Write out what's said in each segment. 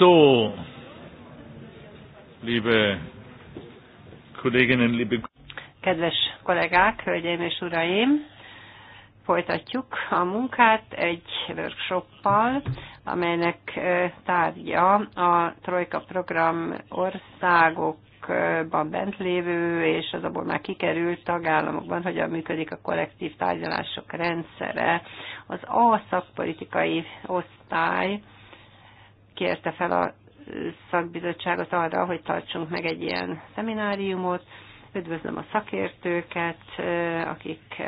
So, liebe Kolleginnen, liebe Kedves kollégák, hölgyeim és uraim, folytatjuk a munkát egy workshoppal, amelynek tárgya a Trojka program országokban bent lévő és az abból már kikerült tagállamokban, hogyan működik a kollektív tárgyalások rendszere. Az A szakpolitikai osztály kérte fel a szakbizottságot arra, hogy tartsunk meg egy ilyen szemináriumot. Üdvözlöm a szakértőket, akik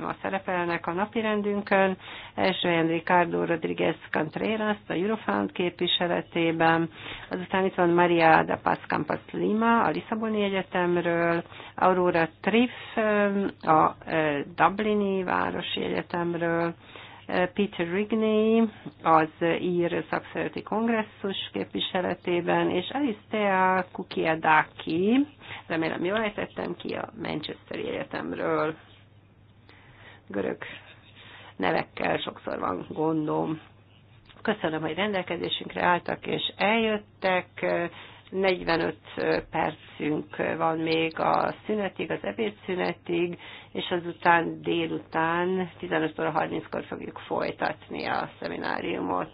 ma szerepelnek a napirendünkön. Elsően Ricardo Rodriguez Contreras a Eurofound képviseletében. Azután itt van Maria da Paz Campas Lima a Lisszaboni Egyetemről, Aurora Triff a Dublini Városi Egyetemről, Peter Rigney az ír szakszereti kongresszus képviseletében, és Alistair Kukiadaki, remélem jól ejtettem ki, a Manchesteri Egyetemről. Görög nevekkel sokszor van gondom. Köszönöm, hogy rendelkezésünkre álltak és eljöttek. 45 percünk van még a szünetig, az ebédszünetig, és azután délután 15 óra 30-kor fogjuk folytatni a szemináriumot.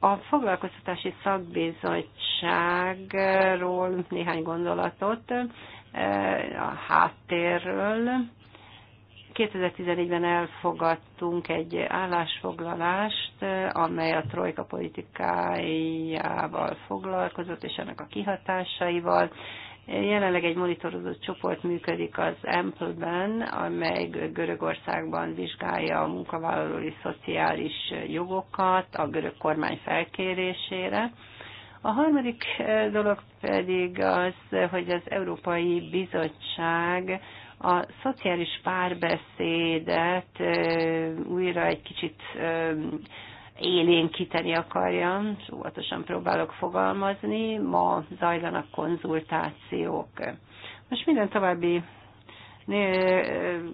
A foglalkoztatási szakbizottságról néhány gondolatot a háttérről. 2014-ben elfogadtunk egy állásfoglalást, amely a trojka politikájával foglalkozott, és ennek a kihatásaival. Jelenleg egy monitorozott csoport működik az Ample-ben, amely Görögországban vizsgálja a munkavállalói szociális jogokat a görög kormány felkérésére. A harmadik dolog pedig az, hogy az Európai Bizottság a szociális párbeszédet újra egy kicsit élénkíteni akarjam, óvatosan próbálok fogalmazni, ma zajlanak konzultációk. Most minden további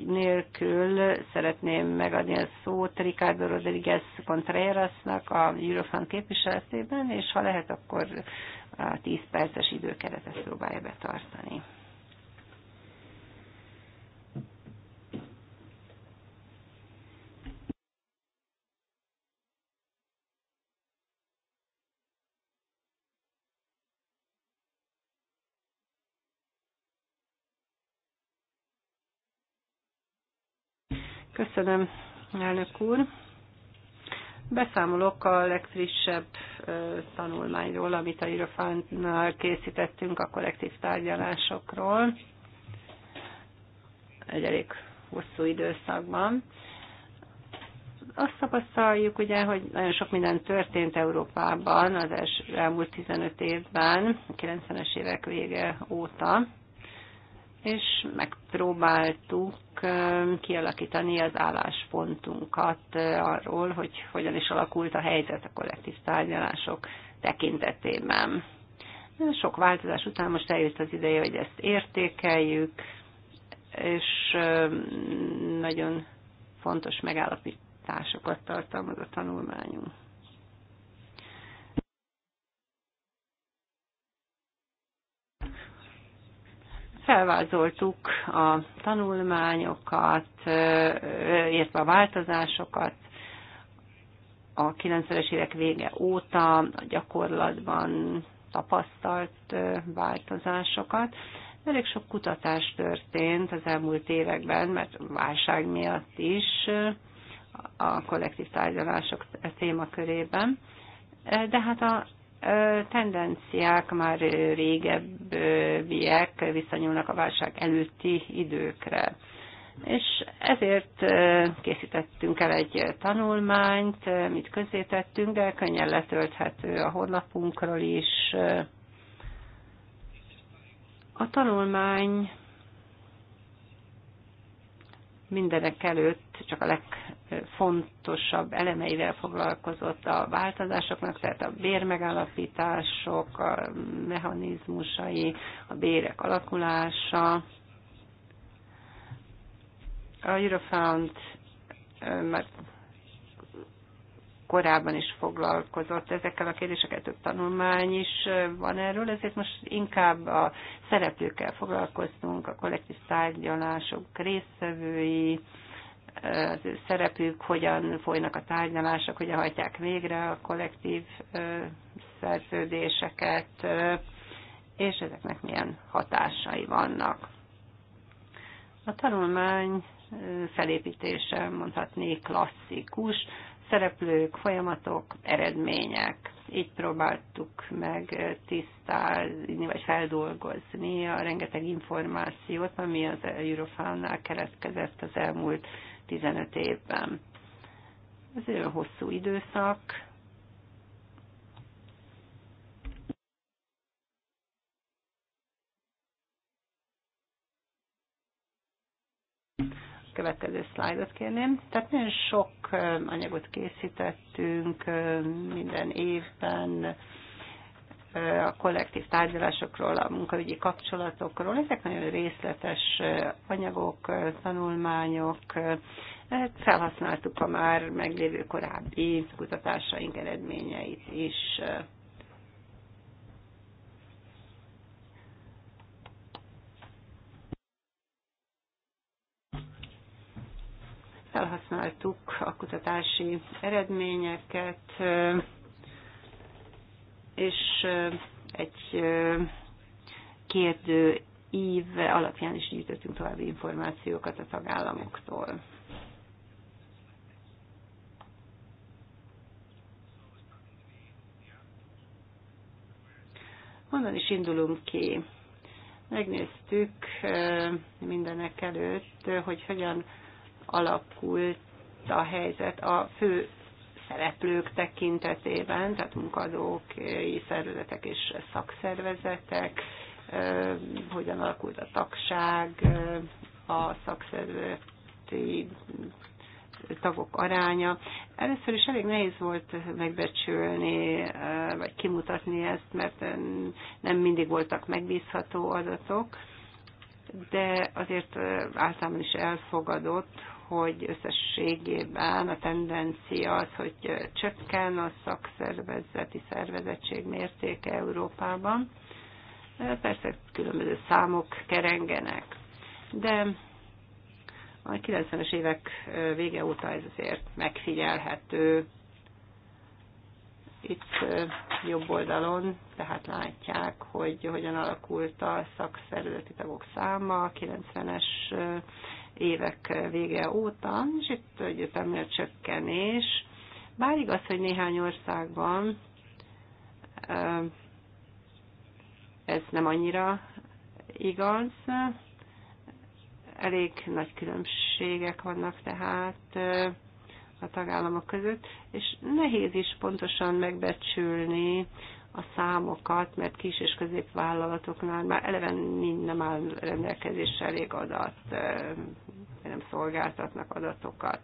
nélkül szeretném megadni a szót Ricardo Rodriguez Contrerasnak a Eurofan képviseletében, és ha lehet, akkor a 10 perces időkeretet próbálja betartani. Köszönöm, elnök úr. Beszámolok a legfrissebb tanulmányról, amit a Irofánnal készítettünk a kollektív tárgyalásokról. Egy elég hosszú időszakban. Azt tapasztaljuk ugye, hogy nagyon sok minden történt Európában az elmúlt 15 évben, 90-es évek vége óta, és megpróbáltuk kialakítani az álláspontunkat arról, hogy hogyan is alakult a helyzet a kollektív tárgyalások tekintetében. Sok változás után most eljött az ideje, hogy ezt értékeljük, és nagyon fontos megállapításokat tartalmaz a tanulmányunk. Felvázoltuk a tanulmányokat, értve a változásokat, a 90-es évek vége óta a gyakorlatban tapasztalt változásokat. Elég sok kutatás történt az elmúlt években, mert válság miatt is a kollektív tárgyalások témakörében. De hát a tendenciák már régebbiek, visszanyúlnak a válság előtti időkre. És ezért készítettünk el egy tanulmányt, amit közzétettünk, de könnyen letölthető a honlapunkról is. A tanulmány mindenek előtt csak a legfontosabb elemeivel foglalkozott a változásoknak, tehát a bérmegállapítások, a mechanizmusai, a bérek alakulása. A Eurofound már korábban is foglalkozott ezekkel a kérdésekkel, több tanulmány is van erről, ezért most inkább a szereplőkkel foglalkoztunk, a kollektív tárgyalások résztvevői, az ő szerepük, hogyan folynak a tárgyalások, hogyan hajtják végre a kollektív szerződéseket, és ezeknek milyen hatásai vannak. A tanulmány felépítése mondhatni klasszikus, szereplők, folyamatok, eredmények. Így próbáltuk meg tisztázni, vagy feldolgozni a rengeteg információt, ami az Eurofánnál keletkezett az elmúlt 15 évben. Ez egy olyan hosszú időszak, következő szlájdot kérném. Tehát nagyon sok anyagot készítettünk minden évben a kollektív tárgyalásokról, a munkaügyi kapcsolatokról. Ezek nagyon részletes anyagok, tanulmányok. Hát felhasználtuk a már meglévő korábbi kutatásaink eredményeit is. felhasználtuk a kutatási eredményeket, és egy kérdő ív alapján is gyűjtöttünk további információkat a tagállamoktól. Honnan is indulunk ki? Megnéztük mindenek előtt, hogy hogyan alakult a helyzet a fő szereplők tekintetében, tehát munkadók, eh, szervezetek és szakszervezetek, eh, hogyan alakult a tagság, eh, a szakszervezeti tagok aránya. Először is elég nehéz volt megbecsülni, vagy kimutatni ezt, mert nem mindig voltak megbízható adatok, de azért általában is elfogadott, hogy összességében a tendencia az, hogy csökken a szakszervezeti szervezettség mértéke Európában. E, persze különböző számok kerengenek, de a 90-es évek e, vége óta ez azért megfigyelhető. Itt e, jobb oldalon, tehát látják, hogy hogyan alakult a szakszervezeti tagok száma a 90-es évek vége óta, és itt egyértelmű a csökkenés. Bár igaz, hogy néhány országban ez nem annyira igaz, elég nagy különbségek vannak tehát a tagállamok között, és nehéz is pontosan megbecsülni a számokat, mert kis és középvállalatoknál már eleven nem áll rendelkezésre elég adat, nem szolgáltatnak adatokat.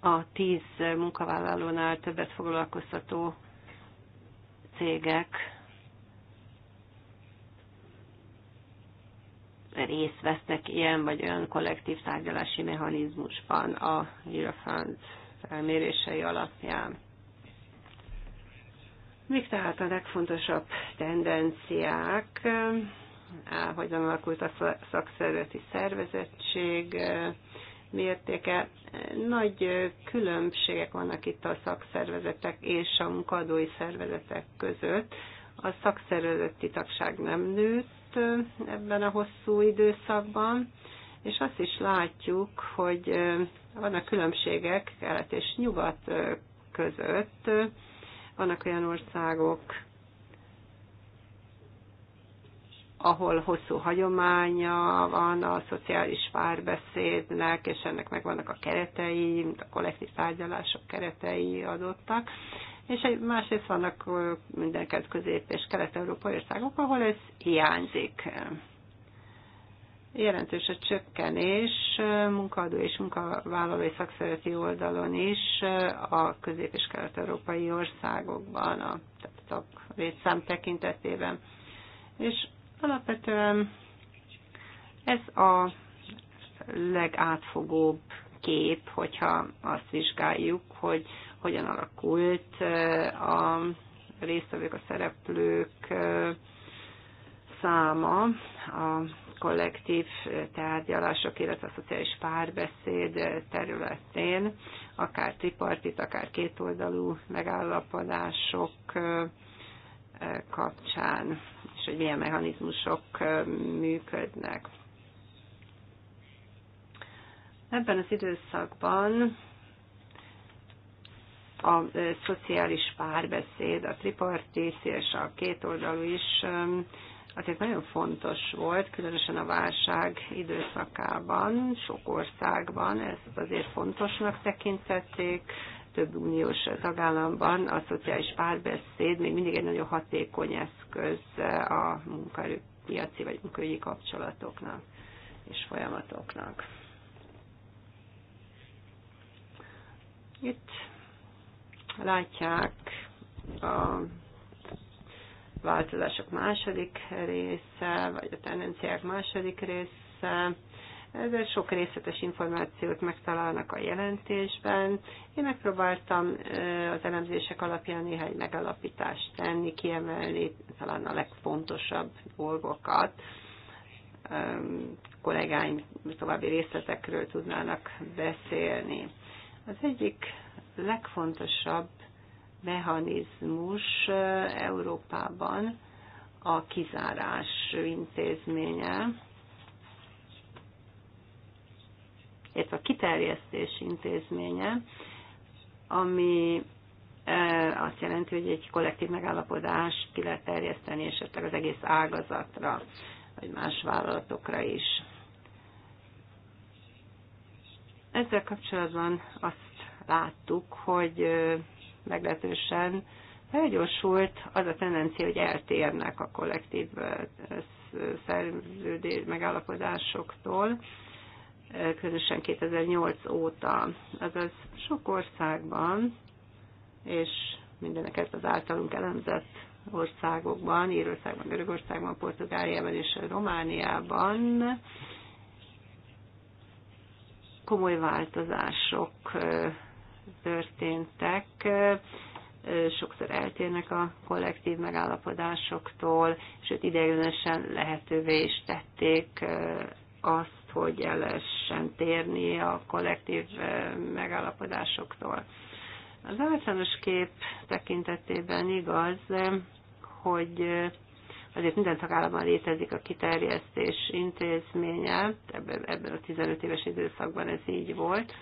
A tíz munkavállalónál többet foglalkoztató cégek részt vesznek ilyen vagy olyan kollektív tárgyalási mechanizmusban a Eurofund felmérései alapján. Mik tehát a legfontosabb tendenciák, hogyan alakult a szakszervezeti szervezettség mértéke? Nagy különbségek vannak itt a szakszervezetek és a munkadói szervezetek között. A szakszervezeti tagság nem nőtt ebben a hosszú időszakban, és azt is látjuk, hogy vannak különbségek kelet és nyugat között. Vannak olyan országok, ahol hosszú hagyománya van a szociális párbeszédnek, és ennek megvannak a keretei, mint a kollektív tárgyalások keretei adottak. És másrészt vannak mindenket közép- és kelet-európai országok, ahol ez hiányzik jelentős a csökkenés munkaadó és munkavállalói szakszereti oldalon is a közép- és kelet-európai országokban, a, tehát a létszám tekintetében. És alapvetően ez a legátfogóbb kép, hogyha azt vizsgáljuk, hogy hogyan alakult a résztvevők, a szereplők száma a kollektív tárgyalások, illetve a szociális párbeszéd területén, akár tripartit, akár kétoldalú megállapodások kapcsán, és hogy milyen mechanizmusok működnek. Ebben az időszakban a szociális párbeszéd, a tripartit és a kétoldalú is azért nagyon fontos volt, különösen a válság időszakában, sok országban ezt azért fontosnak tekintették, több uniós tagállamban a szociális párbeszéd még mindig egy nagyon hatékony eszköz a munkaerőpiaci vagy munkaügyi kapcsolatoknak és folyamatoknak. Itt látják a változások második része, vagy a tendenciák második része. Ezért sok részletes információt megtalálnak a jelentésben. Én megpróbáltam az elemzések alapján néhány megalapítást tenni, kiemelni talán a legfontosabb dolgokat. Kollégáim további részletekről tudnának beszélni. Az egyik legfontosabb mechanizmus Európában a kizárás intézménye, illetve a kiterjesztés intézménye, ami azt jelenti, hogy egy kollektív megállapodás ki lehet terjeszteni esetleg az egész ágazatra, vagy más vállalatokra is. Ezzel kapcsolatban azt láttuk, hogy meglehetősen felgyorsult az a tendencia, hogy eltérnek a kollektív szerződés megállapodásoktól, közösen 2008 óta. Azaz sok országban, és mindeneket az általunk elemzett országokban, Írországban, Görögországban, Portugáliában és Romániában komoly változások történtek sokszor eltérnek a kollektív megállapodásoktól, sőt ideiglenesen lehetővé is tették azt, hogy el lehessen térni a kollektív megállapodásoktól. Az általános kép tekintetében igaz, hogy azért minden tagállamban létezik a kiterjesztés intézménye, ebben, a 15 éves időszakban ez így volt,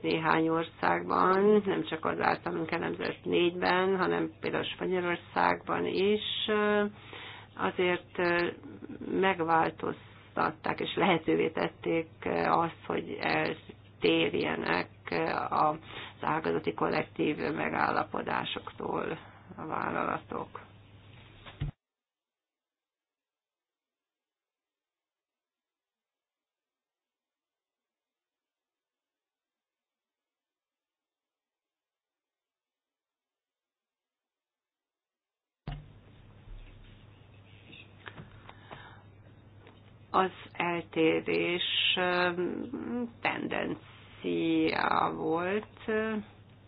néhány országban, nem csak az általunk elemzett négyben, hanem például Spanyolországban is azért megváltoztatták és lehetővé tették azt, hogy eltérjenek az ágazati kollektív megállapodásoktól a vállalatok. az eltérés tendencia volt,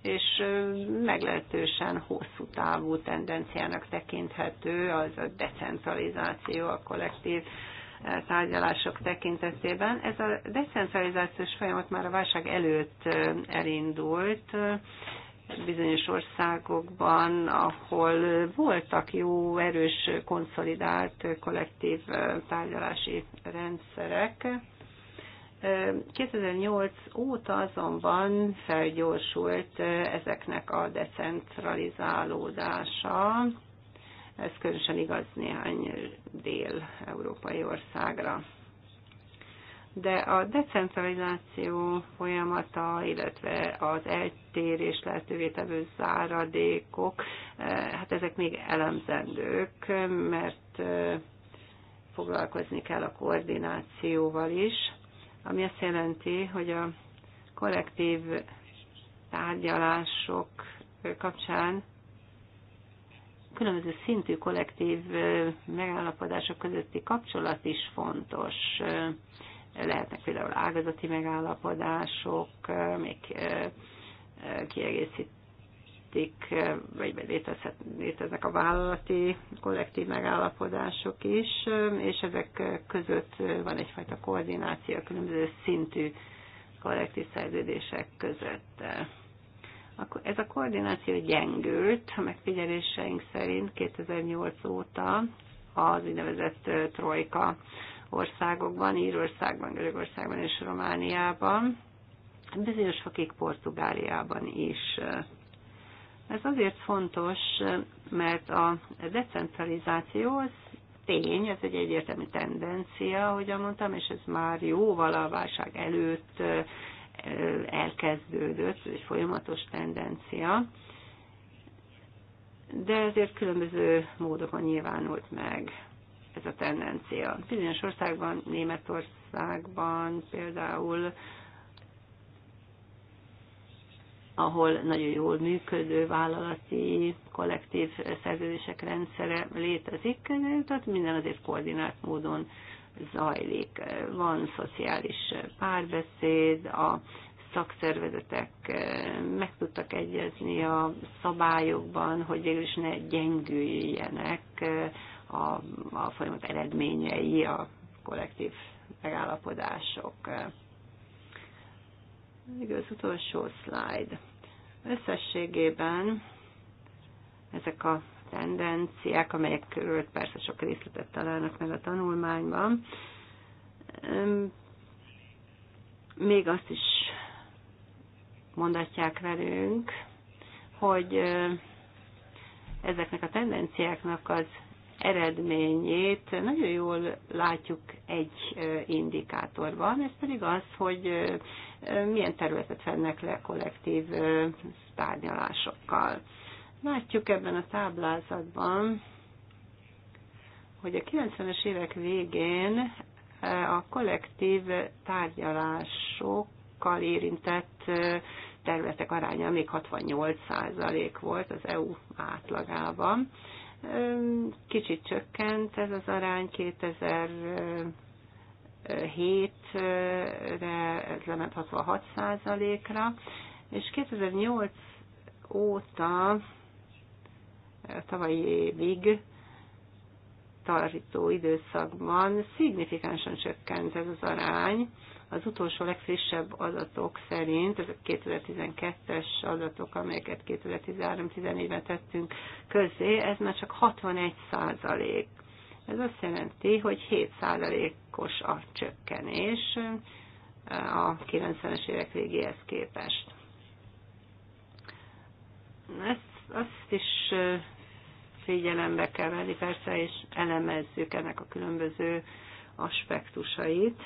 és meglehetősen hosszú távú tendenciának tekinthető az a decentralizáció, a kollektív tárgyalások tekintetében. Ez a decentralizációs folyamat már a válság előtt elindult, bizonyos országokban, ahol voltak jó, erős, konszolidált kollektív tárgyalási rendszerek. 2008 óta azonban felgyorsult ezeknek a decentralizálódása. Ez különösen igaz néhány dél-európai országra de a decentralizáció folyamata, illetve az eltérés lehetővé tevő záradékok, eh, hát ezek még elemzendők, mert eh, foglalkozni kell a koordinációval is, ami azt jelenti, hogy a kollektív tárgyalások kapcsán különböző szintű kollektív eh, megállapodások közötti kapcsolat is fontos lehetnek például ágazati megállapodások, még kiegészítik, vagy léteznek a vállalati kollektív megállapodások is, és ezek között van egyfajta koordináció a különböző szintű kollektív szerződések között. Ez a koordináció gyengült, a megfigyeléseink szerint 2008 óta az úgynevezett trojka országokban, Írországban, Görögországban és Romániában, bizonyos fokig Portugáliában is. Ez azért fontos, mert a decentralizáció az tény, ez egy egyértelmű tendencia, ahogy mondtam, és ez már jóval a válság előtt elkezdődött, egy folyamatos tendencia, de ezért különböző módokon nyilvánult meg ez a tendencia. Bizonyos országban, Németországban például, ahol nagyon jól működő vállalati kollektív szerződések rendszere létezik, tehát minden azért koordinált módon zajlik. Van szociális párbeszéd, a szakszervezetek eh, meg tudtak egyezni a szabályokban, hogy végül is ne gyengüljenek eh, a, a folyamat eredményei, a kollektív megállapodások. Még az utolsó szlájd. Összességében ezek a tendenciák, amelyek körül persze sok részletet találnak meg a tanulmányban, még azt is mondatják velünk, hogy ezeknek a tendenciáknak az eredményét nagyon jól látjuk egy indikátorban, ez pedig az, hogy milyen területet fennek le kollektív tárgyalásokkal. Látjuk ebben a táblázatban, hogy a 90-es évek végén a kollektív tárgyalásokkal érintett területek aránya még 68% volt az EU átlagában. Kicsit csökkent ez az arány 2007-re, ez lement 66 ra és 2008 óta, tavalyi évig, tartó időszakban szignifikánsan csökkent ez az arány, az utolsó legfrissebb adatok szerint, a 2012-es adatok, amelyeket 2013-14-ben tettünk közé, ez már csak 61 százalék. Ez azt jelenti, hogy 7 százalékos a csökkenés a 90-es évek végéhez képest. Ezt, azt is figyelembe kell venni, persze, és elemezzük ennek a különböző aspektusait.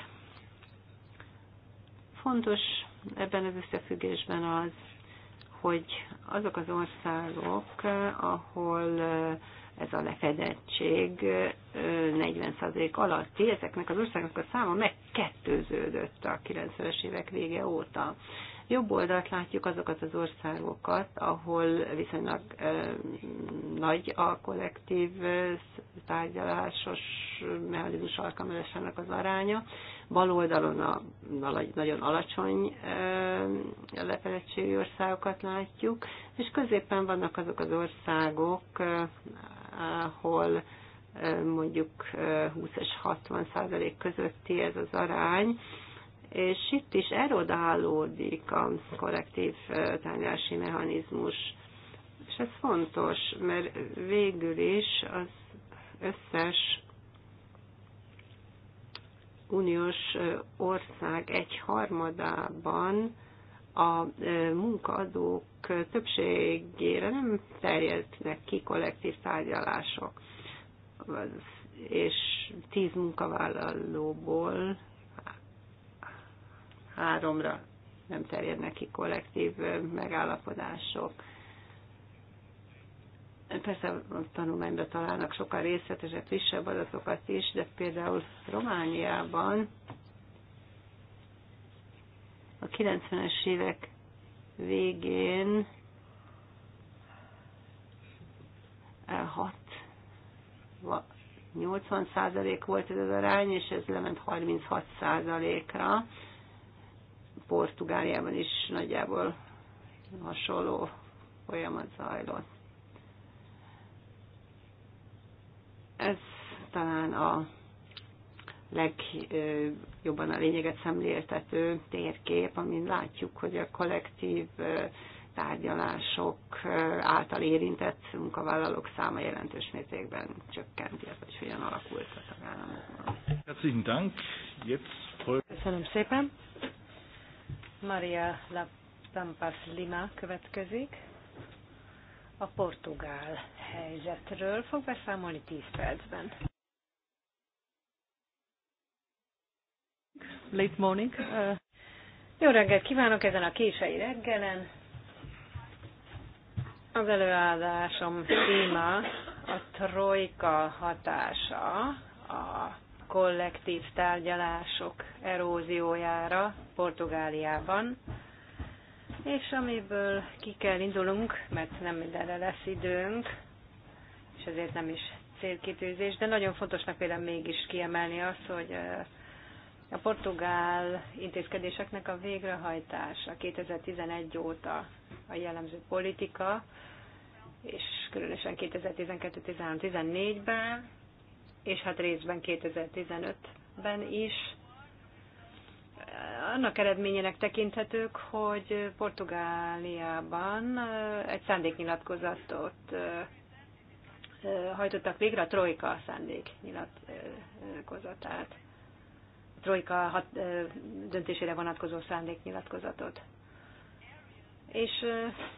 Fontos ebben az összefüggésben az, hogy azok az országok, ahol ez a lefedettség 40% alatti, ezeknek az országoknak a száma megkettőződött a 90-es évek vége óta jobb oldalt látjuk azokat az országokat, ahol viszonylag nagy a kollektív tárgyalásos mechanizmus alkalmazásának az aránya, bal oldalon a nagyon alacsony lefedettségű országokat látjuk, és középen vannak azok az országok, ahol mondjuk 20 és 60 százalék közötti ez az arány, és itt is erodálódik a korrektív tárgyalási mechanizmus. És ez fontos, mert végül is az összes uniós ország egy harmadában a munkaadók többségére nem terjednek ki kollektív tárgyalások, és tíz munkavállalóból háromra nem terjednek ki kollektív megállapodások. Persze a tanulmányban találnak sokkal részletesebb, frissebb adatokat is, de például Romániában a 90-es évek végén hat 80 százalék volt ez az arány, és ez lement 36 százalékra Portugáliában is nagyjából hasonló folyamat zajlott. Ez talán a legjobban a lényeget szemléltető térkép, amin látjuk, hogy a kollektív tárgyalások által érintett munkavállalók száma jelentős mértékben csökkent, illetve hogy hogyan alakult a tagállamokban. Köszönöm szépen. Maria Pampas Lima következik. A portugál helyzetről fog beszámolni 10 percben. Late morning. Uh... Jó reggelt kívánok ezen a késői reggelen. Az előadásom téma a trojka hatása a kollektív tárgyalások eróziójára Portugáliában, és amiből ki kell indulunk, mert nem mindenre lesz időnk, és ezért nem is célkitűzés, de nagyon fontosnak például mégis kiemelni azt, hogy a portugál intézkedéseknek a végrehajtása 2011 óta a jellemző politika, és különösen 2012-13-14-ben és hát részben 2015-ben is. Annak eredményének tekinthetők, hogy Portugáliában egy szándéknyilatkozatot hajtottak végre a Trojka szándéknyilatkozatát. A Trojka hat, döntésére vonatkozó szándéknyilatkozatot és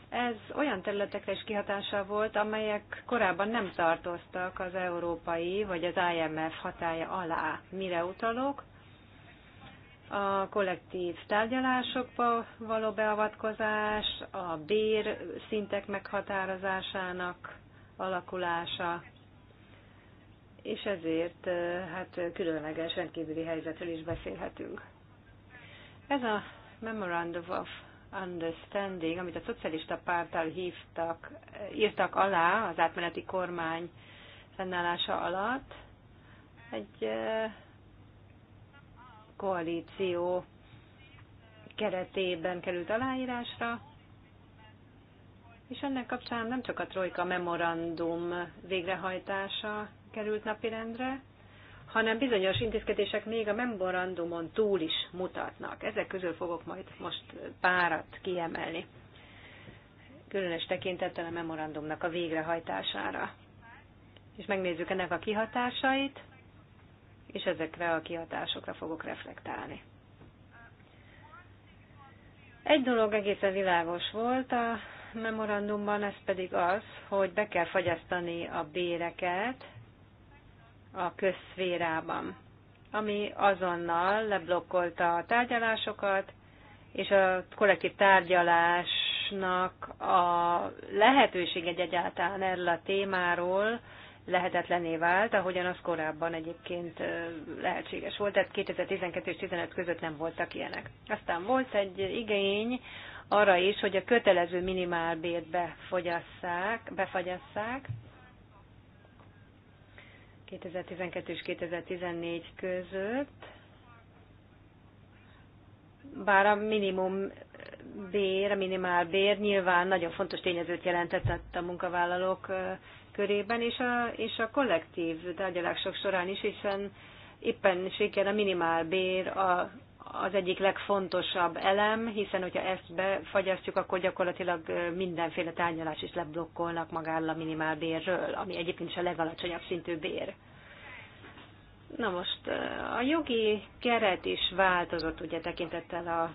ez olyan területekre is kihatása volt, amelyek korábban nem tartoztak az európai vagy az IMF hatája alá. Mire utalok? A kollektív tárgyalásokba való beavatkozás, a bér szintek meghatározásának alakulása, és ezért hát különleges rendkívüli helyzetről is beszélhetünk. Ez a Memorandum of Understanding, amit a szocialista párttal hívtak, írtak alá az átmeneti kormány fennállása alatt, egy koalíció keretében került aláírásra, és ennek kapcsán nem csak a Trojka memorandum végrehajtása került napirendre, hanem bizonyos intézkedések még a memorandumon túl is mutatnak. Ezek közül fogok majd most párat kiemelni, különös tekintettel a memorandumnak a végrehajtására. És megnézzük ennek a kihatásait, és ezekre a kihatásokra fogok reflektálni. Egy dolog egészen világos volt a memorandumban, ez pedig az, hogy be kell fagyasztani a béreket, a közszférában, ami azonnal leblokkolta a tárgyalásokat, és a kollektív tárgyalásnak a lehetőség egyáltalán erről a témáról lehetetlené vált, ahogyan az korábban egyébként lehetséges volt, tehát 2012 és 2015 között nem voltak ilyenek. Aztán volt egy igény arra is, hogy a kötelező minimálbért befogyasszák, befagyasszák, 2012 és 2014 között, bár a minimum bér, a minimál bér nyilván nagyon fontos tényezőt jelentett a munkavállalók körében, és a, és a kollektív tárgyalások során is, hiszen éppen a minimál bér a az egyik legfontosabb elem, hiszen hogyha ezt befagyasztjuk, akkor gyakorlatilag mindenféle tárgyalás is leblokkolnak magáról a minimálbérről, ami egyébként is a legalacsonyabb szintű bér. Na most a jogi keret is változott, ugye tekintettel a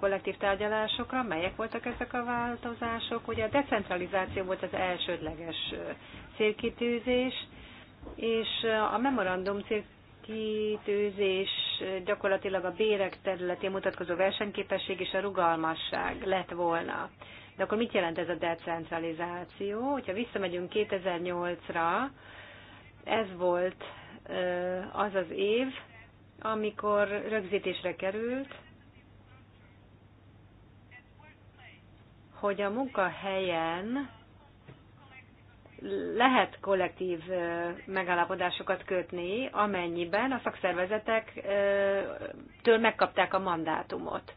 kollektív tárgyalásokra. Melyek voltak ezek a változások? Ugye a decentralizáció volt az elsődleges célkitűzés, és a memorandum célkitűzés gyakorlatilag a bérek területén mutatkozó versenyképesség és a rugalmasság lett volna. De akkor mit jelent ez a decentralizáció? Hogyha visszamegyünk 2008-ra, ez volt az az év, amikor rögzítésre került, hogy a munkahelyen lehet kollektív megállapodásokat kötni, amennyiben a szakszervezetektől megkapták a mandátumot.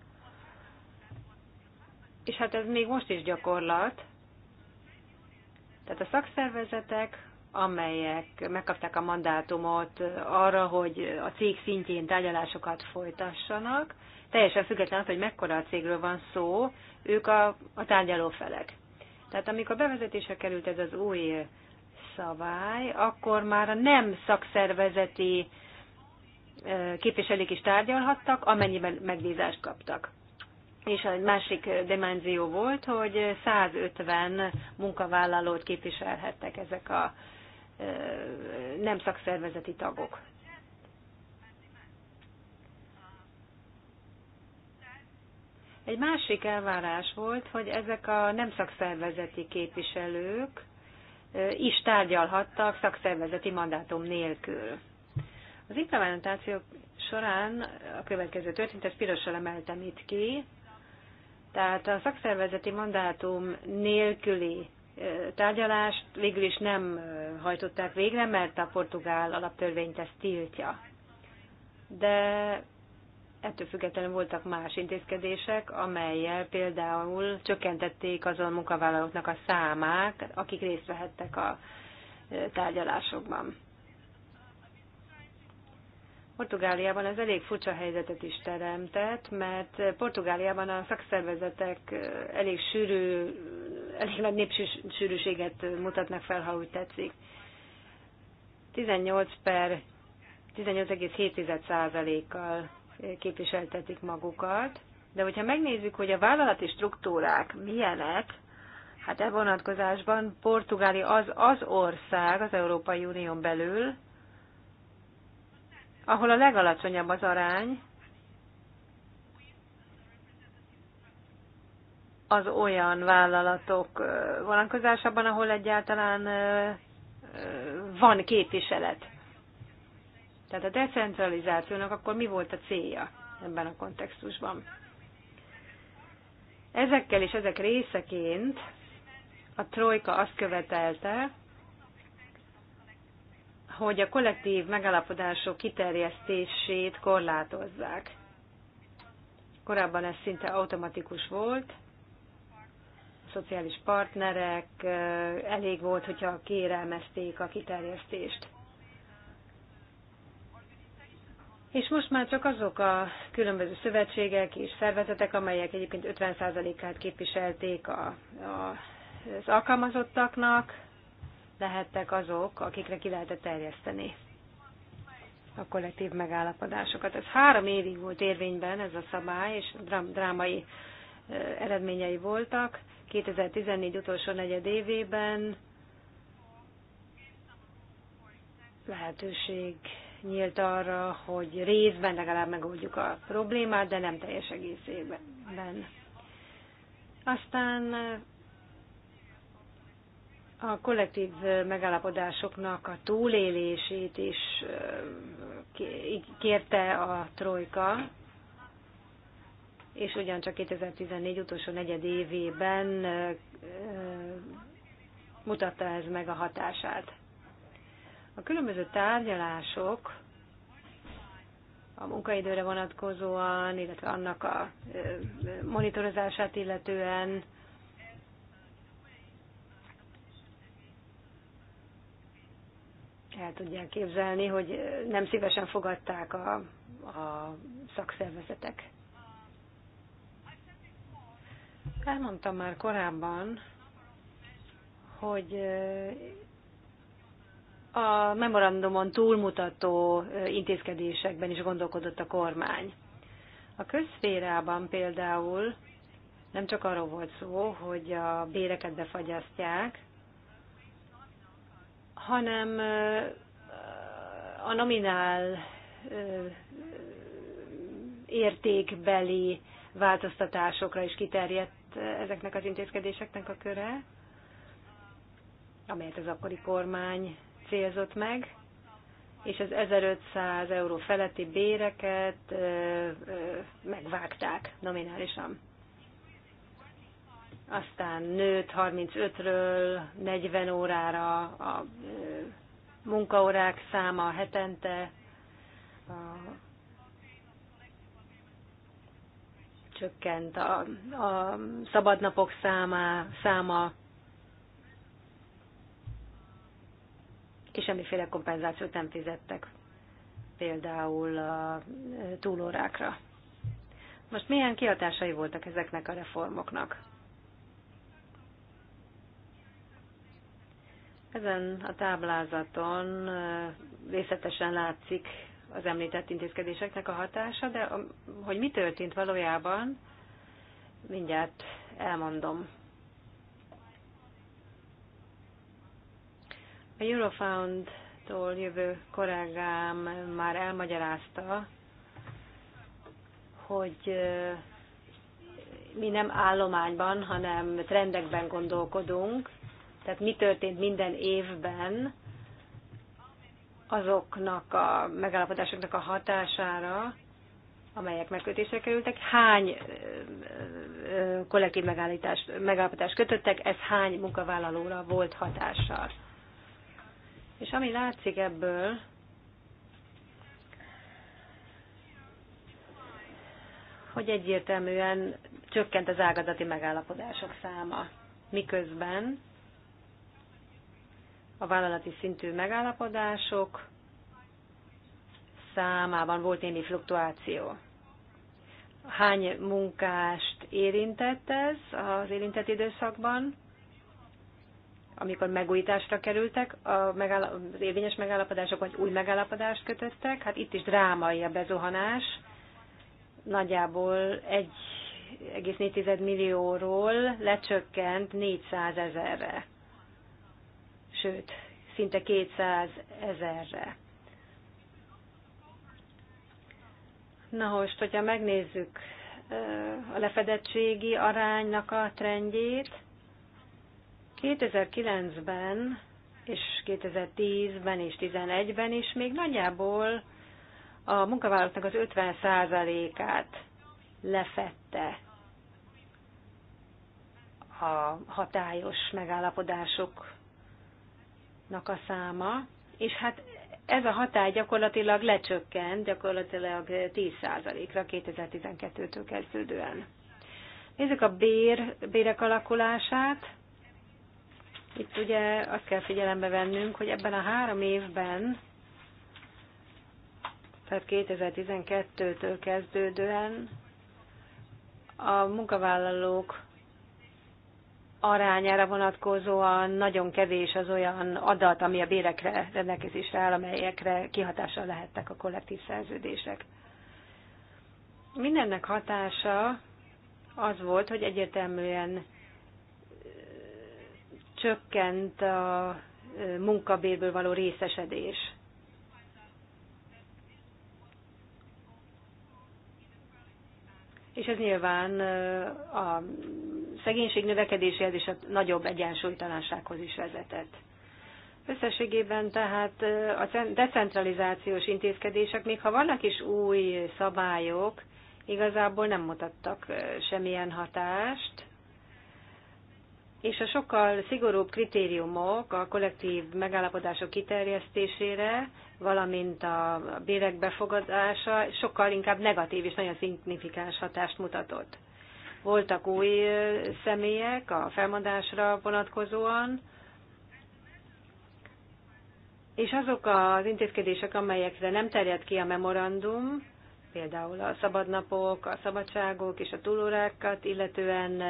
És hát ez még most is gyakorlat. Tehát a szakszervezetek, amelyek megkapták a mandátumot arra, hogy a cég szintjén tárgyalásokat folytassanak, teljesen független hogy mekkora a cégről van szó, ők a, a tárgyalófelek. Tehát amikor bevezetése került ez az új szabály, akkor már a nem szakszervezeti képviselők is tárgyalhattak, amennyiben megbízást kaptak. És egy másik dimenzió volt, hogy 150 munkavállalót képviselhettek ezek a nem szakszervezeti tagok. Egy másik elvárás volt, hogy ezek a nem szakszervezeti képviselők is tárgyalhattak szakszervezeti mandátum nélkül. Az implementáció során a következő történt, ezt pirossal emeltem itt ki, tehát a szakszervezeti mandátum nélküli tárgyalást végül is nem hajtották végre, mert a portugál alaptörvényt ezt tiltja. De ettől függetlenül voltak más intézkedések, amelyel például csökkentették azon munkavállalóknak a számát, akik részt vehettek a tárgyalásokban. Portugáliában ez elég furcsa helyzetet is teremtett, mert Portugáliában a szakszervezetek elég sűrű, elég nagy népsűrűséget mutatnak fel, ha úgy tetszik. 18 per 18,7%-kal képviseltetik magukat, de hogyha megnézzük, hogy a vállalati struktúrák milyenek, hát e vonatkozásban Portugália az az ország az Európai Unión belül, ahol a legalacsonyabb az arány az olyan vállalatok vonatkozásában, ahol egyáltalán van képviselet. Tehát a decentralizációnak akkor mi volt a célja ebben a kontextusban? Ezekkel és ezek részeként a trojka azt követelte, hogy a kollektív megállapodások kiterjesztését korlátozzák. Korábban ez szinte automatikus volt, a szociális partnerek eh, elég volt, hogyha kérelmezték a kiterjesztést. És most már csak azok a különböző szövetségek és szervezetek, amelyek egyébként 50%-át képviselték a, a, az alkalmazottaknak, lehettek azok, akikre ki lehetett terjeszteni a kollektív megállapodásokat. Ez három évig volt érvényben ez a szabály, és drámai eredményei voltak. 2014 utolsó negyed évében lehetőség nyílt arra, hogy részben legalább megoldjuk a problémát, de nem teljes egészében. Aztán eh, a kollektív megállapodásoknak a túlélését is eh, kérte a Trojka, és ugyancsak 2014 utolsó negyed évében eh, mutatta ez meg a hatását. A különböző tárgyalások a munkaidőre vonatkozóan, illetve annak a monitorozását illetően el tudják képzelni, hogy nem szívesen fogadták a, a szakszervezetek. Elmondtam már korábban, hogy a memorandumon túlmutató intézkedésekben is gondolkodott a kormány. A közszférában például nem csak arról volt szó, hogy a béreket befagyasztják, hanem a nominál értékbeli változtatásokra is kiterjedt ezeknek az intézkedéseknek a köre, amelyet az akkori kormány célzott meg, és az 1500 euró feletti béreket ö, ö, megvágták nominálisan. Aztán nőtt 35-ről 40 órára a ö, munkaórák száma hetente, a, csökkent a, a szabadnapok száma, száma és semmiféle kompenzációt nem fizettek például a túlórákra. Most milyen kihatásai voltak ezeknek a reformoknak? Ezen a táblázaton részletesen látszik az említett intézkedéseknek a hatása, de hogy mi történt valójában, mindjárt elmondom. A Eurofound-tól jövő kollégám már elmagyarázta, hogy mi nem állományban, hanem trendekben gondolkodunk, tehát mi történt minden évben azoknak a megállapodásoknak a hatására, amelyek megkötésre kerültek, hány kollektív megállapítást kötöttek, ez hány munkavállalóra volt hatással. És ami látszik ebből, hogy egyértelműen csökkent az ágazati megállapodások száma, miközben a vállalati szintű megállapodások számában volt némi fluktuáció. Hány munkást érintett ez az érintett időszakban? amikor megújításra kerültek, a megállap, az érvényes megállapodások vagy új megállapodást kötöttek, hát itt is drámai a bezuhanás, nagyjából 1,4 millióról lecsökkent 400 ezerre, sőt, szinte 200 ezerre. Na most, hogyha megnézzük a lefedettségi aránynak a trendjét, 2009-ben és 2010-ben és 2011-ben is még nagyjából a munkavállalóknak az 50%-át lefette a hatályos megállapodásoknak a száma, és hát ez a hatály gyakorlatilag lecsökkent, gyakorlatilag 10%-ra 2012-től kezdődően. Nézzük a bér, bérek alakulását. Itt ugye azt kell figyelembe vennünk, hogy ebben a három évben, tehát 2012-től kezdődően a munkavállalók arányára vonatkozóan nagyon kevés az olyan adat, ami a bérekre rendelkezésre áll, amelyekre kihatással lehettek a kollektív szerződések. Mindennek hatása az volt, hogy egyértelműen csökkent a munkabérből való részesedés. És ez nyilván a szegénység növekedéséhez és a nagyobb egyensúlytalansághoz is vezetett. Összességében tehát a decentralizációs intézkedések, még ha vannak is új szabályok, igazából nem mutattak semmilyen hatást, és a sokkal szigorúbb kritériumok a kollektív megállapodások kiterjesztésére, valamint a bérek befogadása sokkal inkább negatív és nagyon szignifikáns hatást mutatott. Voltak új személyek a felmondásra vonatkozóan, és azok az intézkedések, amelyekre nem terjed ki a memorandum, például a szabadnapok, a szabadságok és a túlórákat, illetően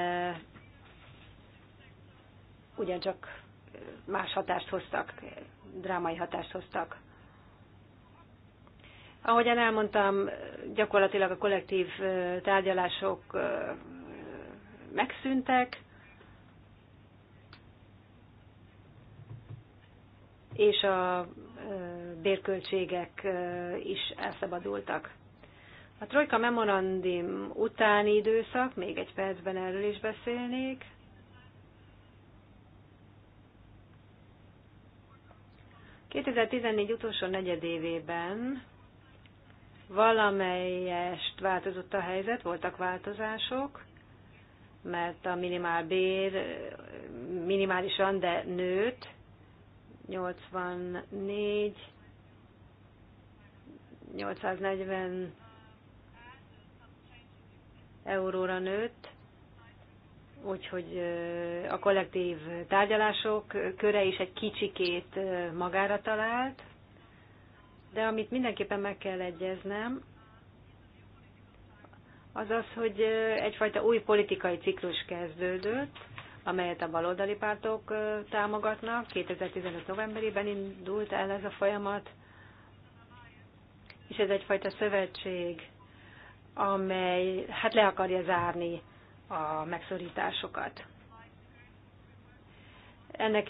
ugyancsak más hatást hoztak, drámai hatást hoztak. Ahogyan elmondtam, gyakorlatilag a kollektív tárgyalások megszűntek, és a bérköltségek is elszabadultak. A Trojka memorandum utáni időszak, még egy percben erről is beszélnék, 2014 utolsó negyedévében valamelyest változott a helyzet, voltak változások, mert a minimálbér minimálisan, de nőtt, 84, 840 euróra nőtt, úgyhogy a kollektív tárgyalások köre is egy kicsikét magára talált, de amit mindenképpen meg kell egyeznem, az az, hogy egyfajta új politikai ciklus kezdődött, amelyet a baloldali pártok támogatnak. 2015. novemberében indult el ez a folyamat, és ez egyfajta szövetség, amely hát le akarja zárni a megszorításokat. Ennek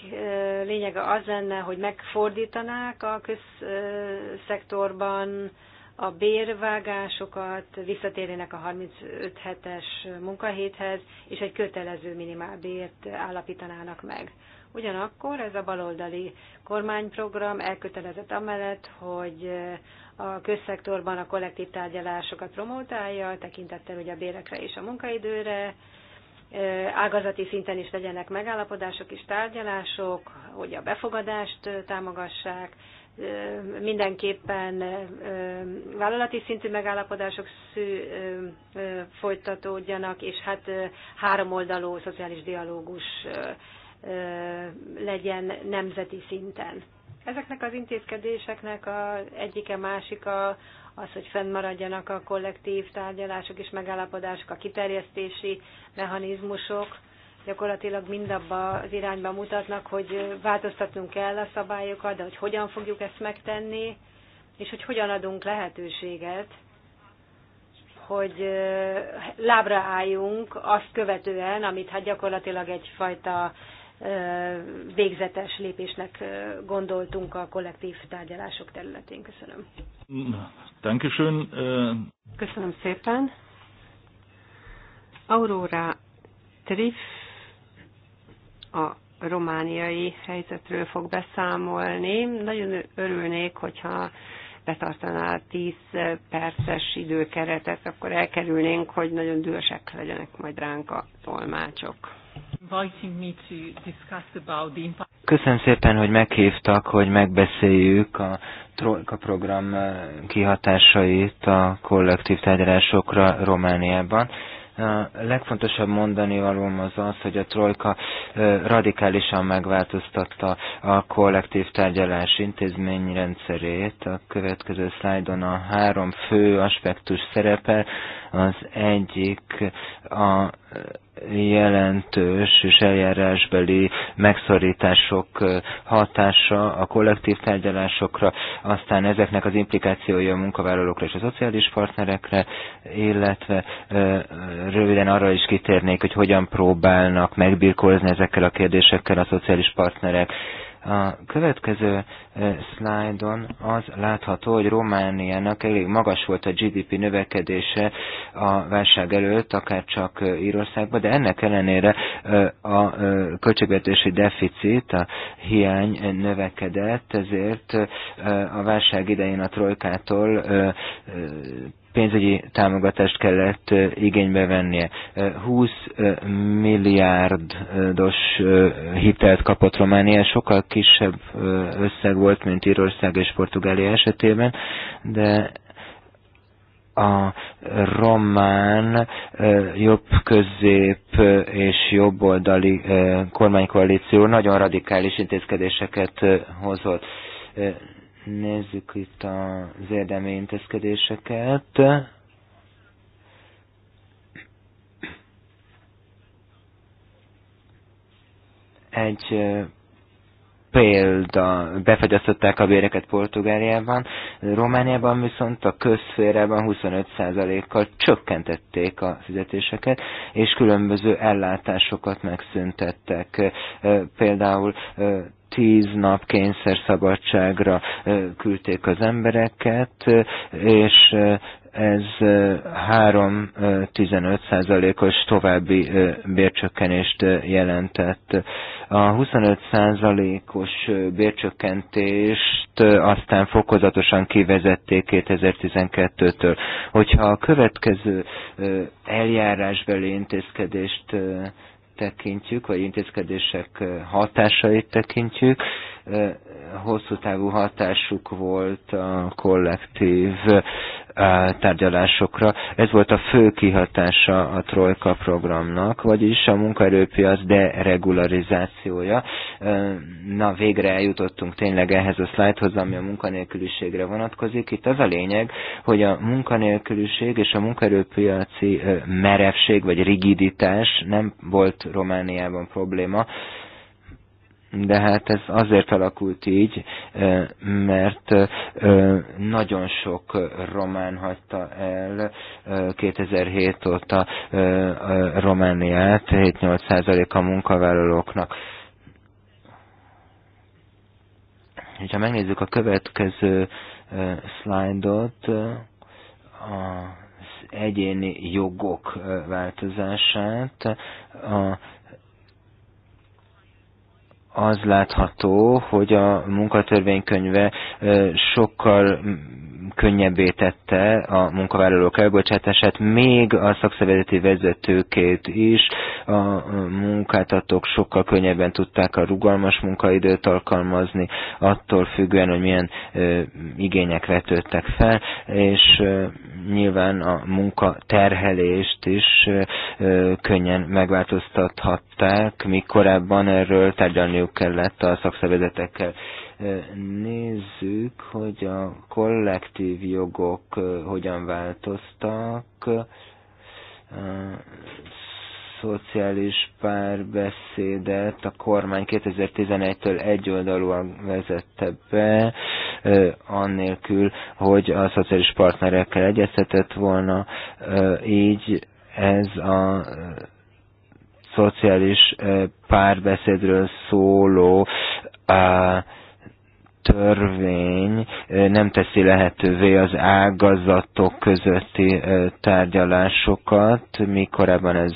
lényege az lenne, hogy megfordítanák a közszektorban a bérvágásokat, visszatérjenek a 35 hetes munkahéthez, és egy kötelező minimálbért állapítanának meg. Ugyanakkor ez a baloldali kormányprogram elkötelezett amellett, hogy a közszektorban a kollektív tárgyalásokat promotálja, tekintettel ugye a bérekre és a munkaidőre, ágazati szinten is legyenek megállapodások és tárgyalások, hogy a befogadást támogassák, mindenképpen vállalati szintű megállapodások szű, folytatódjanak, és hát háromoldalú szociális dialógus legyen nemzeti szinten. Ezeknek az intézkedéseknek a egyike másika az, hogy fennmaradjanak a kollektív tárgyalások és megállapodások, a kiterjesztési mechanizmusok, gyakorlatilag mindabba az irányba mutatnak, hogy változtatnunk kell a szabályokat, de hogy hogyan fogjuk ezt megtenni, és hogy hogyan adunk lehetőséget, hogy lábra álljunk azt követően, amit hát gyakorlatilag egyfajta végzetes lépésnek gondoltunk a kollektív tárgyalások területén. Köszönöm. Dankeschön. Köszönöm szépen. Aurora Trif a romániai helyzetről fog beszámolni. Nagyon örülnék, hogyha betartaná 10 perces időkeretet, akkor elkerülnénk, hogy nagyon dühösek legyenek majd ránk a tolmácsok. Köszönöm szépen, hogy meghívtak, hogy megbeszéljük a Trojka program eh, kihatásait a kollektív tárgyalásokra Romániában. A legfontosabb mondani valóm az az, hogy a Trojka eh, radikálisan megváltoztatta a kollektív tárgyalás intézményrendszerét. A következő szlájdon a három fő aspektus szerepel. Az egyik a jelentős és eljárásbeli megszorítások hatása a kollektív tárgyalásokra, aztán ezeknek az implikációja a munkavállalókra és a szociális partnerekre, illetve röviden arra is kitérnék, hogy hogyan próbálnak megbirkózni ezekkel a kérdésekkel a szociális partnerek, a következő e, szlájdon az látható, hogy Romániának elég magas volt a GDP növekedése a válság előtt, akár csak e, Írországban, de ennek ellenére e, a költségvetési deficit, a hiány növekedett, ezért a válság idején a trojkától pénzügyi támogatást kellett igénybe vennie. 20 milliárdos hitelt kapott Románia, sokkal kisebb összeg volt, mint Írország és Portugália esetében, de a román jobb közép és jobboldali kormánykoalíció nagyon radikális intézkedéseket hozott Nézzük itt az érdemi intézkedéseket. Egy példa, befagyasztották a béreket Portugáliában, Romániában viszont a közszférában 25%-kal csökkentették a fizetéseket, és különböző ellátásokat megszüntettek. Például tíz nap kényszer szabadságra küldték az embereket, és ez 3-15%-os további bércsökkenést jelentett. A 25%-os bércsökkentést aztán fokozatosan kivezették 2012-től. Hogyha a következő eljárásbeli intézkedést tekintjük, vagy intézkedések hatásait tekintjük, hosszú távú hatásuk volt a kollektív tárgyalásokra. Ez volt a fő kihatása a Trojka programnak, vagyis a munkaerőpiac deregularizációja. Na, végre eljutottunk tényleg ehhez a szlájdhoz, ami a munkanélküliségre vonatkozik. Itt az a lényeg, hogy a munkanélküliség és a munkaerőpiaci merevség vagy rigiditás nem volt Romániában probléma, de hát ez azért alakult így, eh, mert eh, nagyon sok eh, román hagyta el 2007 óta Romániát, 7-8 a munkavállalóknak. ha megnézzük a következő szlájdot, az egyéni jogok változását, a az látható, hogy a munkatörvénykönyve sokkal könnyebbé tette a munkavállalók elbocsátását, még a szakszervezeti vezetőkét is. A munkáltatók sokkal könnyebben tudták a rugalmas munkaidőt alkalmazni, attól függően, hogy milyen igények vetődtek fel, és nyilván a munkaterhelést is könnyen megváltoztathat elfogadták, míg korábban erről tárgyalniuk kellett a szakszervezetekkel. Nézzük, hogy a kollektív jogok hogyan változtak, szociális párbeszédet a kormány 2011-től egyoldalúan vezette be, annélkül, hogy a szociális partnerekkel egyeztetett volna, így ez a szociális eh, párbeszédről szóló eh, törvény nem teszi lehetővé az ágazatok közötti tárgyalásokat, mikorában ez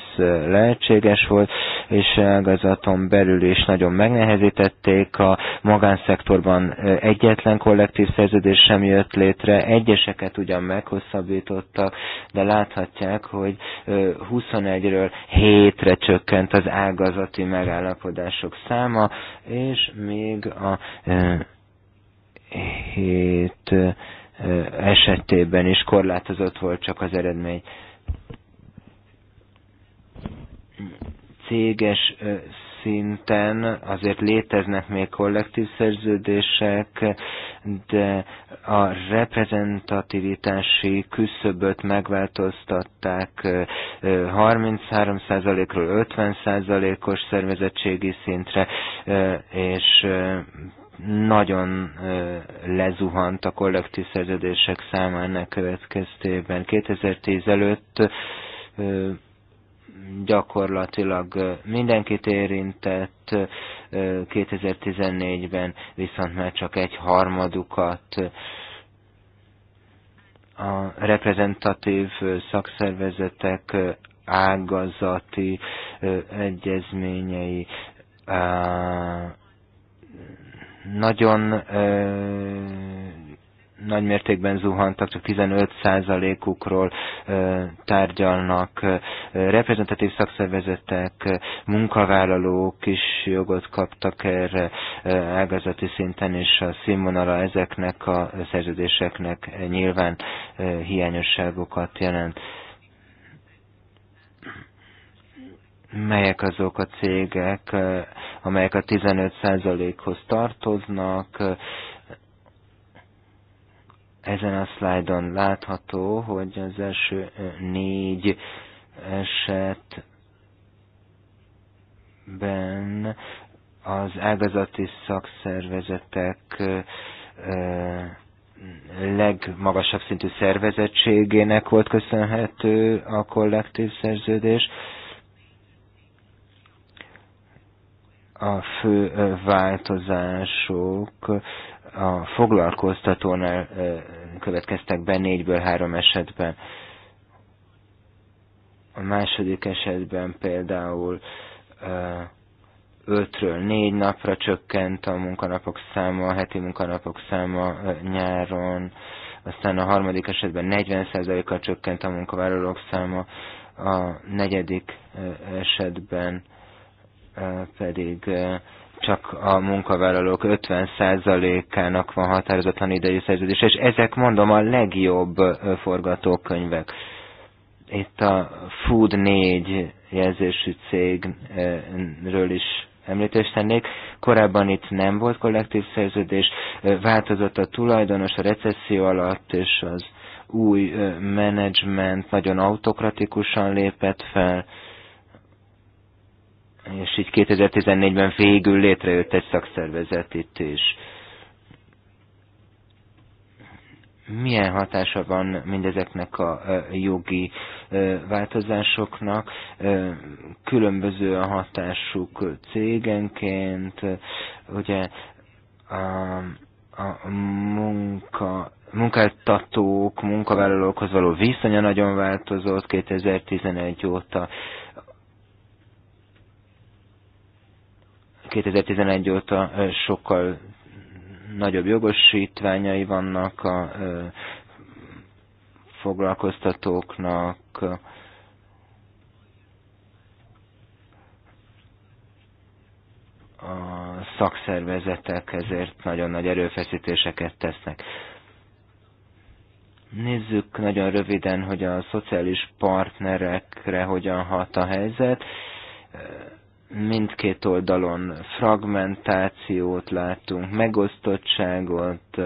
lehetséges volt, és ágazaton belül is nagyon megnehezítették, a magánszektorban egyetlen kollektív szerződés sem jött létre, egyeseket ugyan meghosszabbítottak, de láthatják, hogy 21-ről 7-re csökkent az ágazati megállapodások száma, és még a hét esetében is korlátozott volt csak az eredmény. Céges szinten azért léteznek még kollektív szerződések, de a reprezentativitási küszöböt megváltoztatták 33%-ról 50%-os szervezettségi szintre, és nagyon lezuhant a kollektív szerződések száma ennek következtében. 2010 előtt gyakorlatilag mindenkit érintett, 2014-ben viszont már csak egy harmadukat a reprezentatív szakszervezetek ágazati egyezményei nagyon nagy mértékben zuhantak, csak 15%-ukról tárgyalnak. Reprezentatív szakszervezetek, munkavállalók is jogot kaptak erre ágazati szinten, és a színvonala ezeknek a szerződéseknek nyilván hiányosságokat jelent. melyek azok a cégek, amelyek a 15%-hoz tartoznak. Ezen a szlájdon látható, hogy az első négy esetben az ágazati szakszervezetek legmagasabb szintű szervezettségének volt köszönhető a kollektív szerződés, a fő változások a foglalkoztatónál következtek be négyből három esetben. A második esetben például ötről négy napra csökkent a munkanapok száma, a heti munkanapok száma nyáron, aztán a harmadik esetben 40%-kal csökkent a munkavállalók száma, a negyedik esetben pedig csak a munkavállalók 50%-ának van határozatlan idejű szerződés, és ezek mondom a legjobb forgatókönyvek. Itt a Food 4 jelzésű cégről is említést tennék. Korábban itt nem volt kollektív szerződés, változott a tulajdonos a recesszió alatt, és az új menedzsment nagyon autokratikusan lépett fel, és így 2014-ben végül létrejött egy szakszervezet itt is. Milyen hatása van mindezeknek a jogi változásoknak? Különböző a hatásuk cégenként, ugye a, a munka munkáltatók, munkavállalókhoz való viszonya nagyon változott 2011 óta, 2011 óta sokkal nagyobb jogosítványai vannak a foglalkoztatóknak, a szakszervezetek ezért nagyon nagy erőfeszítéseket tesznek. Nézzük nagyon röviden, hogy a szociális partnerekre hogyan hat a helyzet mindkét oldalon fragmentációt látunk, megosztottságot,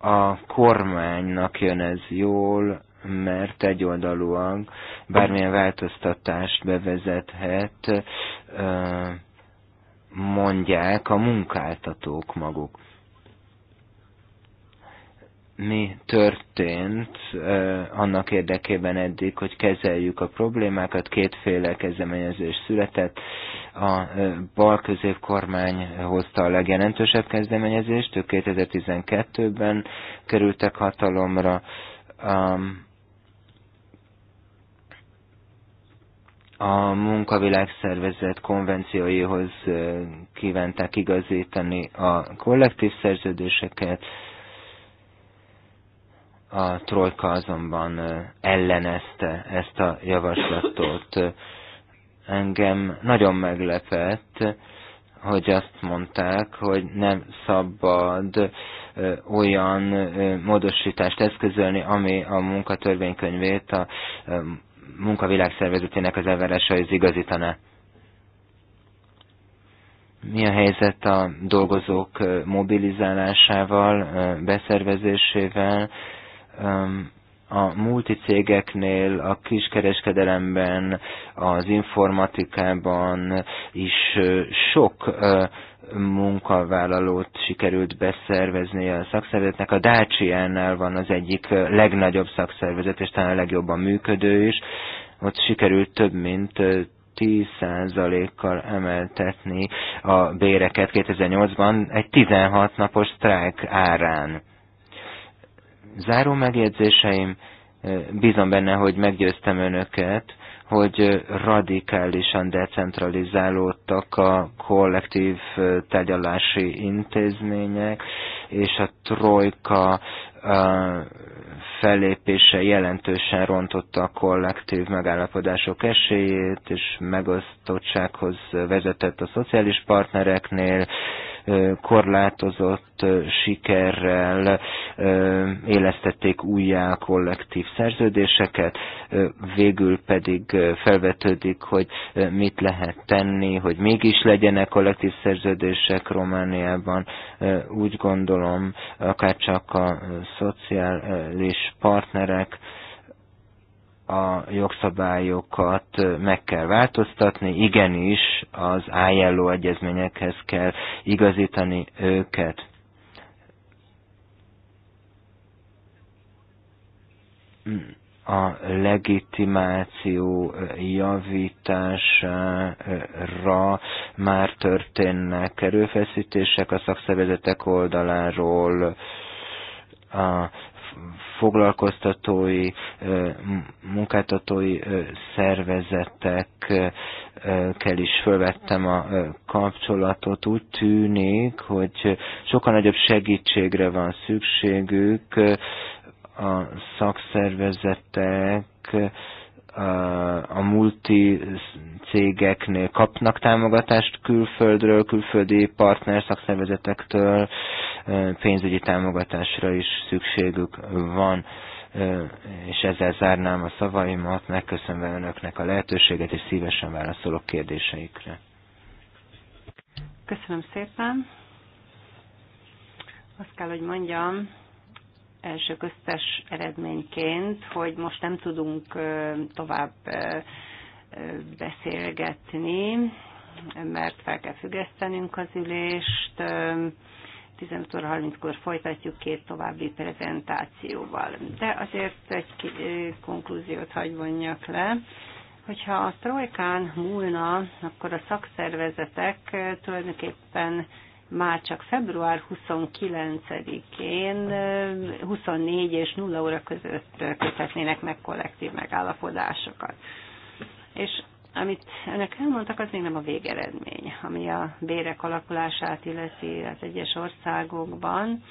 a kormánynak jön ez jól, mert egyoldalúan bármilyen változtatást bevezethet, mondják a munkáltatók maguk mi történt annak érdekében eddig, hogy kezeljük a problémákat. Kétféle kezdeményezés született. A bal középkormány hozta a legjelentősebb kezdeményezést. Ők 2012-ben kerültek hatalomra. a munkavilágszervezet konvencióihoz kívánták igazítani a kollektív szerződéseket, a trojka azonban ellenezte ezt a javaslatot. Engem nagyon meglepett, hogy azt mondták, hogy nem szabad olyan módosítást eszközölni, ami a munkatörvénykönyvét a munkavilágszervezetének az elvárásaihoz igazítaná. Mi a helyzet a dolgozók mobilizálásával, beszervezésével, a multicégeknél, a kiskereskedelemben, az informatikában is sok munkavállalót sikerült beszervezni a szakszervezetnek. A Dácsiánál van az egyik legnagyobb szakszervezet, és talán a legjobban működő is. Ott sikerült több mint 10%-kal emeltetni a béreket 2008-ban egy 16 napos sztrájk árán. Záró megjegyzéseim, bízom benne, hogy meggyőztem önöket, hogy radikálisan decentralizálódtak a kollektív tegyalási intézmények, és a trojka felépése jelentősen rontotta a kollektív megállapodások esélyét, és megosztottsághoz vezetett a szociális partnereknél, korlátozott sikerrel élesztették újjá a kollektív szerződéseket, végül pedig felvetődik, hogy mit lehet tenni, hogy mégis legyenek kollektív szerződések Romániában. Úgy gondolom, akár csak a szociális partnerek, a jogszabályokat meg kell változtatni, igenis az ILO egyezményekhez kell igazítani őket. A legitimáció javítására már történnek erőfeszítések a szakszervezetek oldaláról, a foglalkoztatói, munkáltatói szervezetekkel is fölvettem a kapcsolatot. Úgy tűnik, hogy sokkal nagyobb segítségre van szükségük a szakszervezetek, a multi cégeknél kapnak támogatást külföldről, külföldi partner szakszervezetektől, pénzügyi támogatásra is szükségük van, és ezzel zárnám a szavaimat, megköszönve önöknek a lehetőséget, és szívesen válaszolok kérdéseikre. Köszönöm szépen. Azt kell, hogy mondjam, első köztes eredményként, hogy most nem tudunk tovább beszélgetni, mert fel kell függesztenünk az ülést. 15 óra 30-kor folytatjuk két további prezentációval. De azért egy konklúziót hagy vonjak le. Hogyha a trojkán múlna, akkor a szakszervezetek tulajdonképpen már csak február 29-én 24 és 0 óra között köthetnének meg kollektív megállapodásokat. És amit önök elmondtak, az még nem a végeredmény, ami a bérek alakulását illeti az egyes országokban.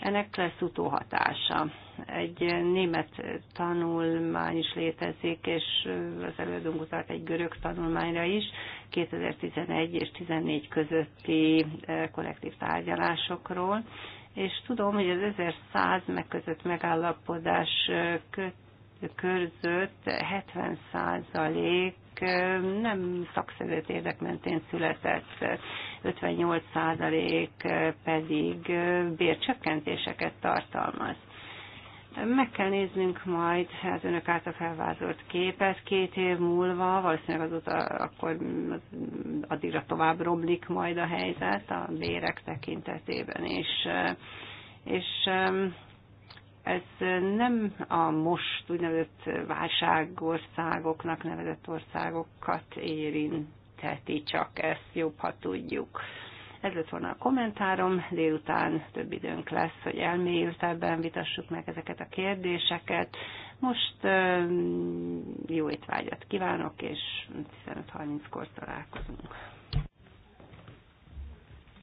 Ennek lesz utóhatása. Egy német tanulmány is létezik, és az előadónk utalt egy görög tanulmányra is, 2011 és 14 közötti eh, kollektív tárgyalásokról, és tudom, hogy az 1100 meg között megállapodás eh, köt körzött 70 százalék nem szakszervezet érdek mentén született, 58 százalék pedig bércsökkentéseket tartalmaz. Meg kell néznünk majd az önök által felvázolt képet két év múlva, valószínűleg azóta akkor addigra tovább romlik majd a helyzet a bérek tekintetében is. És, és ehm, ez nem a most úgynevezett válságországoknak nevezett országokat érinteti, csak ezt jobb, ha tudjuk. Ez lett volna a kommentárom, délután több időnk lesz, hogy elmélyültebben vitassuk meg ezeket a kérdéseket. Most jó étvágyat kívánok, és 15.30-kor találkozunk.